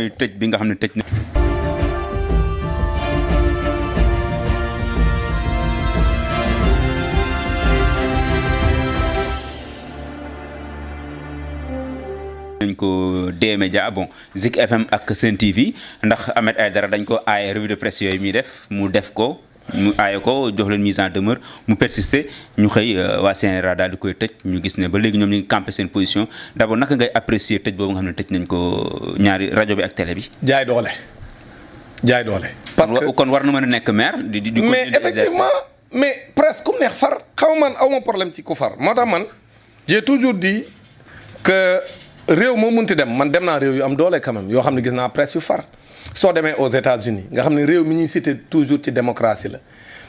mooy tëj bi nga xam ne tëj na. dañ ko D-Media bon Zik FM ak Sen TV ndax ay dara dañ ko aaye revue de presse yooyu muy def mu def ko. mu aaye ko jox leen mise en demeure mu persister ñu xëy euh, waa CNRA daal di koy tëj ñu gis ne ba léegi ñoom ñu ngi campé seen position d' naka ngay apprécier tëj boobu nga xam ne tëj nañ ko ñaari rajo bi ak télé bi. jaay doole jaay doole. parce que kon war na mën a nekk maire. di di di mais effectivement mais presque ku neex man aw ma problème ci ku far moo tax man j'ai toujours dit que réew moo munti dem man dem naa réew yu am doole quand yoo xam ne gis naa presse yu far. soo demee aux États-Unis nga xam ne réew mi ñuy cité toujours ci démocratie la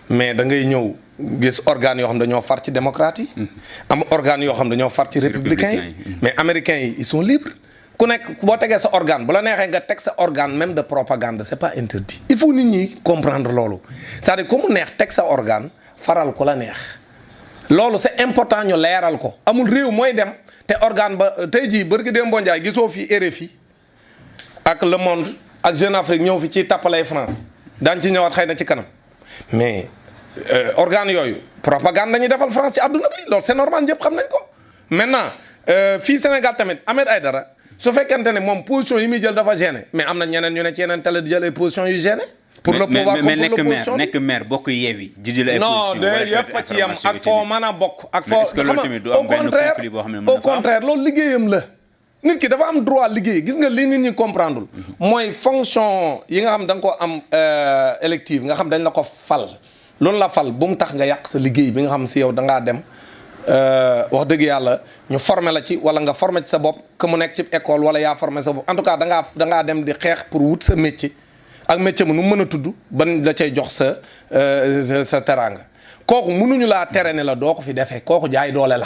mais da ngay ñëw gis organes yoo xam dañoo far ci démocrate yi. Mm-hmm. am organes yoo xam dañoo far ci républicains yi. Mm-hmm. mais américains yi ils sont libres. ku nekk boo tegee sa organe bu la neexee nga teg sa organe même de propagande c'est pas interdit. il faut nit ñi comprendre loolu c'est-à-dire mu neex teg sa organe faral ku la neex loolu c'est important ñu leeral ko. amul réew mooy dem te organe ba tey jii barki Demba gisoo fi RFI ak Le Monde. ak Jeune Afrique ñëw fi ci tappalay France daan ci ñëwaat xëy na ci kanam mais euh, organes yooyu propagande dañuy defal France ci àdduna bi loolu c'est normal ñëpp xam nañ ko maintenant euh, fii Sénégal tamit Ahmed Aïdara su fekkente ne moom position yi muy jël dafa gêné mais am na ñeneen ñu ne ci yeneen télé di jël ay position yu gêné pour le pouvoir comme pour l'opposition bokk Yewwi di jël position non de bokk ak foo xam au contraire au contraire loolu la nit ki dafa am droit liggéey gis nga li nit ñi comprendre mooy fonction yi nga xam danga ko am euh, élective nga xam dañ la ko fal loolu la fal bu mu tax nga yàq sa liggéey bi nga xam si yow da ngaa dem euh, wax dëgg yàlla ñu formé la ci wala nga formé ci sa bopp mu nekk ci école wala yaa formé sa bopp en tout cas da ngaa da dem di xeex pour wut sa métier ak métier mu nu mën a tudd ban la cay jox euh, sa sa teraanga kooku mënuñu laa tere ne la doo ko fi defee kooku jaay doole la.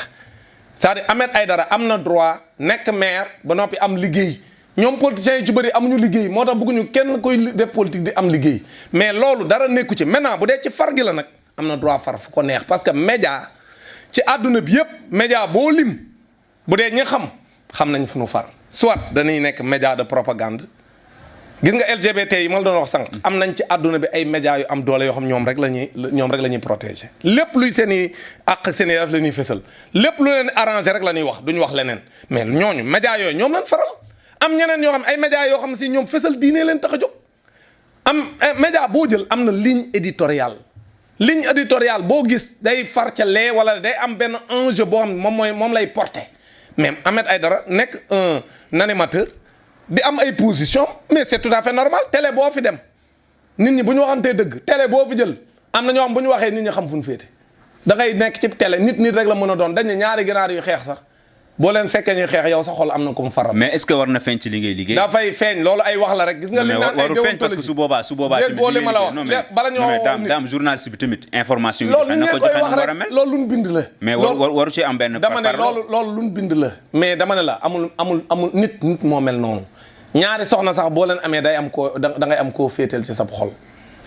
cest di dire ay dara am na droit nekk maire ba noppi am liggéey ñoom politiciens yi ci bëri amuñu liggéey moo tax bëgguñu kenn koy def politique di am liggéey mais loolu dara nekku ci maintenant bu dee ci far gi la nag am na droit far fu ko neex parce que média ci àdduna bi yépp média boo lim bu dee ñi xam xam nañ fu nu far soit dañuy nekk média de propagande gis nga LGBT yi ma la doon wax sànq. am nañ ci àdduna bi ay médias yu am doole yoo xam ñoom rek la ñuy ñoom rek la ñuy protéger lépp luy seen i àq seen i la ñuy fësal lépp lu leen arrangé rek la ñuy wax duñu wax leneen mais ñooñu médias yooyu ñoom lañ faral am ñeneen yoo xam ay médias yoo xam si ñoom fësal diine leen tax a jóg am eh, média boo jël am na ligne éditoriale ligne éditoriale boo gis day far ca lee wala day am benn enjeu boo xam moom mooy moom lay porté mais Ahmed Aïdara nekk un animateur. di am ay position mais c'est tout à fait normal télé boo fi dem nit ñi bu ñu waxantee dëgg boo fi jël na ñoo xam bu ñu waxee nit ñi xam fu ñu féete da nekk ci télé nit nit rek la mën a doon dañ ñaari ginaar yu xeex sax boo leen fekkee ñuy xeex yow sa xol am na ko mu faral. mais est-ce que war na feeñ ci li liggéey. dafay feeñ loolu ay wax rek. gis nga li naan ay déontologie parce su boobaa su boobaa. tamit li ma la wax bala ñoo wax loolu ñu koy rek loolu luñ bind la. mais waru ci am benn. par dama ne loolu loolu la. mais dama ne la amul amul amul nit nit moo mel noonu ñaari soxna sax boo leen amee day am ko da ngay am koo féetal ci sab xol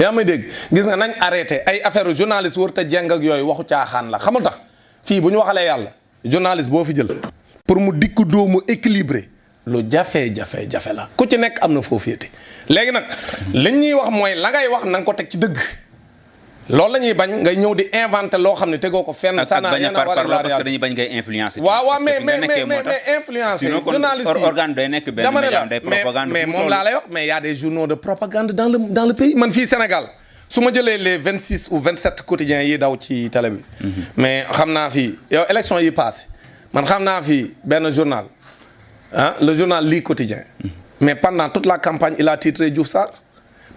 yaa may dégg gis nga nañ arrêté ay affaire journaliste wër te jeng yooyu waxu caaxaan la xamul tax fii bu ñu waxalee yàlla journaliste boo fi jël pour mu dikk doomu équilibré lu jafe-jafe-jafe la ku ci nekk am na foo féete léegi nag li ñuy wax mooy la ngay wax na nga ko teg ci dëgg loolu lañuy bañ ngay ñëw di inventé loo xam ne tegoo ko fenn. sa naa yéen a war a laal parce que dañuy bañ ngay influencé. waaw waaw mais day nekk benn média moom laa lay wax mais y a des de propagande dans le dans le pays man fii Sénégal. su ma jëlee les vingt six ou vingt sept quotidiens yi daw ci télé bi. Mhm. mais xam naa fii yow yi passé man xam naa fii benn journal ah le journal lii quotidien mhm. mais pendant tout la campagne il a titré Diouf Sarr.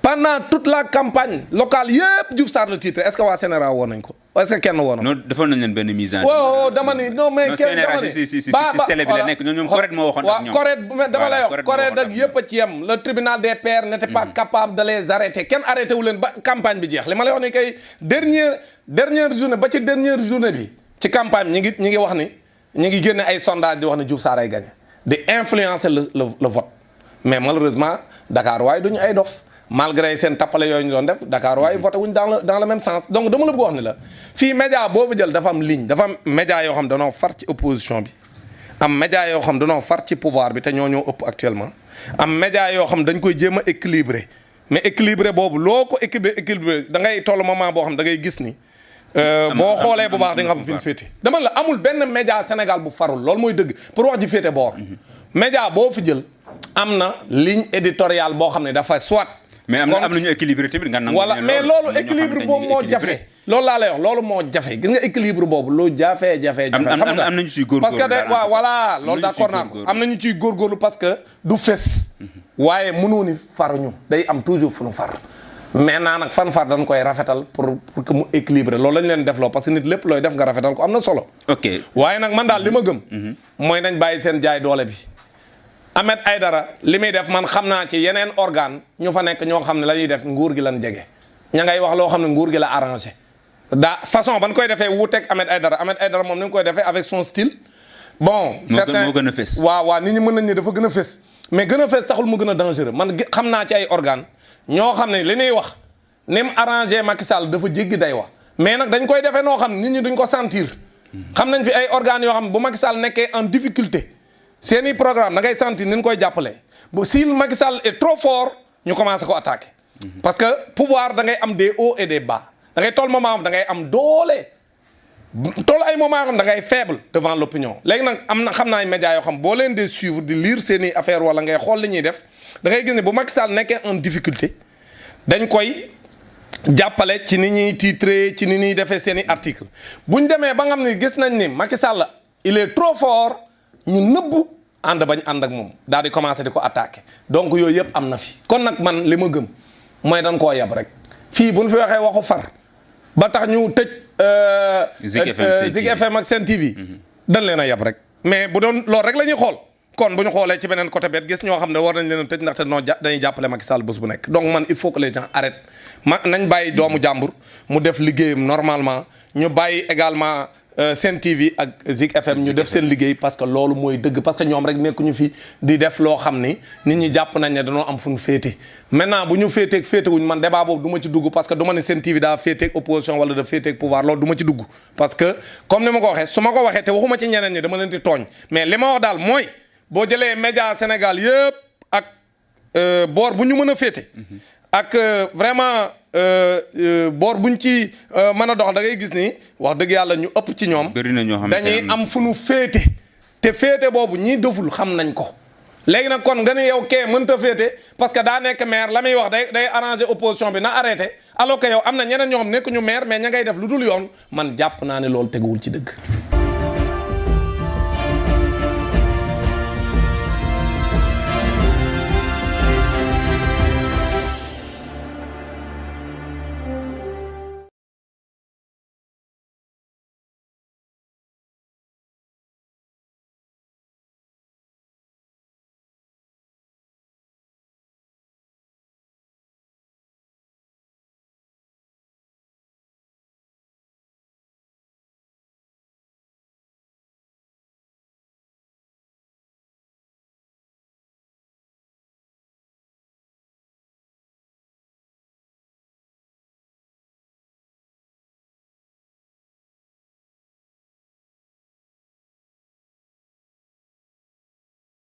pendant tout la campagne local yëpp Diouf Sarr le titre est-ce que waa CNRA woo ko est-ce que kenn woo na. en. waaw dama ni non mais. kenn dama ni si nekk ñoom Corrède moo waxoon ak ñoom. waaw dama lay wax Corrède ak yëpp a ci yem le tribunal des hmm. capable de les arrêter kenn arrêté wu ba campagne bi jeex li ma lay wax ni kay dernière journée ba ci dernière journée bi. ci campagne ñi ngi ñi ngi wax ni ñi ngi génne ay sondage di wax ne Diouf Sarr ay gagné di influencer le le vote mais malheureusement Dakar waaye duñu ay dof malgré seen tappale yooyu ñu doon def dakaar waaye mhm. voté wuñ dans le dans le même sens donc dama la bëgg wax ni am ligne dafa média yoo xam danoo far ci opposition bi am média yoo xam danoo far ci pouvoir bi te ñoo ñoo actuellement am média yoo xam dañ koy jéem a équilibré mais équilibré boobu loo ko équilibré da ngay toll moment boo xam da ngay gis ni euh, boo xoolee bu baax di nga xam fi mu féete dama la amul benn média Sénégal bu farul loolu mooy dëgg pour wax ji féete boor mhm. média boo fi jël am na ligne éditoriale boo xam ne dafa soit mais am na am nañu équilibre tamit nga nangu voilà mais loolu équilibre boobu moo jafe loolu laa lay wax loolu moo jafe gis nga équilibre boobu lu jafee jafee jafe xam nga am nañu ciy góorgóorlu parce que de waaw voilà loolu d'accord naa ko am nañu ciy góorgóorlu parce que du fes mhm. waaye mënoo ni faruñu day am toujours fu nu far maintenant nag fan far dañ koy rafetal pour pour que mu équilibré loolu lañ leen def loo parce que nit lépp looy def nga rafetal ko am na solo ok waaye nag man daal li ma gëm mhm. mooy nañ bàyyi seen jaay doole bi Ahmed Aidara li muy def man xam naa ci yeneen organe ñu fa nekk ñoo xam ne la ñuy def nguur gi lan jege ña wax loo xam ne nguur gi la arrangé da façon ban koy defee wuuteeg Ahmed Aidara Ahmed Aidara moom ni mu koy defee avec son style bon certains moo gën a fës waaw ñi mën nañ ne dafa gën a mais gën a fës taxul mu gën a dangereux man xam naa ci ay organe ñoo xam ne li ñuy wax ni mu arrangé Macky Sall dafa jéggi day wa mais nag dañ koy defee noo xam ni ñi dañ ko sentir hmm. xam nañ fi ay organes yoo xam bu Macky Sall nekkee en difficulté seen i programme da ngay sentir ni koy jàppale bu si Macky Sall est trop fort ñu commencé ko attaque mhm. parce que pouvoir dangay am des o et des ba dangay ngay toll moment da ngay am doole. toll ay moment am da ngay faible devant l'opinion léegi nag am na xam naa médias yoo xam boo leen dee suivre di lire seen affaire wala ngay xool li ñuy def dangay ngay gis ne bu Macky Sall nekkee en difficulté dañ koy jàppale ci ni ñuy titré ci ni ñuy defee seen i article bu ñu demee ba nga xam ne gis nañ ni Macky Sall il est trop ñu nëbbu ànd bañ ànd ak moom daal di commencé di ko attaque donc yooyu yëpp am na fi kon nag man li ma gëm mooy dañ koo yab rek fii bu ñu fi waxee waxu far ba tax ñu tëj. Euh, Zik FM euh, ak Sen TV mhm. dañ leen a yab rek mais bu doon lool rek la ñuy xool kon bu ñu xoolee ci beneen côté bet gis ñoo xam ne war nañ leen a tëj ndaxte noo dañuy jàppale Macky Sall bés bu nekk donc man il faut que les gens arrêtent nañ bàyyi doomu jàmbur mu def liggéeyam normalement ñu bàyyi également. Euh, Sen TV ak Zik FM ñu def seen liggéey parce que loolu mooy dëgg parce que ñoom rek nekkuñu fi di def loo xam ni nit ñi jàpp nañ ne danoo am fu ñu féete maintenant bu ñu féeteeg féetewuñ man débat boobu du ma ci dugg parce que du ma ne Sen TV daa féeteeg opposition wala da féeteeg pouvoir loolu du ma ci dugg parce que comme ni ma ko waxee su ma ko waxee te waxuma ci ñeneen ñi dama leen di tooñ mais li ma wax daal mooy boo jëlee média Sénégal yëpp ak euh, boor bu ñu mën a féete mm-hmm. ak euh, vraiment euh, euh, boor buñ ci mën a dox da ngay gis ni wax dëgg yàlla ñu ëpp ci ñoom. dañuy am fu nu féete. te féete boobu ñi deful xam nañ ko. léegi nag kon nga ni yow kee mënta féete parce que daa nekk maire la muy wax day day arranger opposition bi na arrêté alors que am na ñeneen ñoo xam nekk ñu maire mais ña def lu dul yoon man jàpp naa ne loolu teguwul ci dëgg.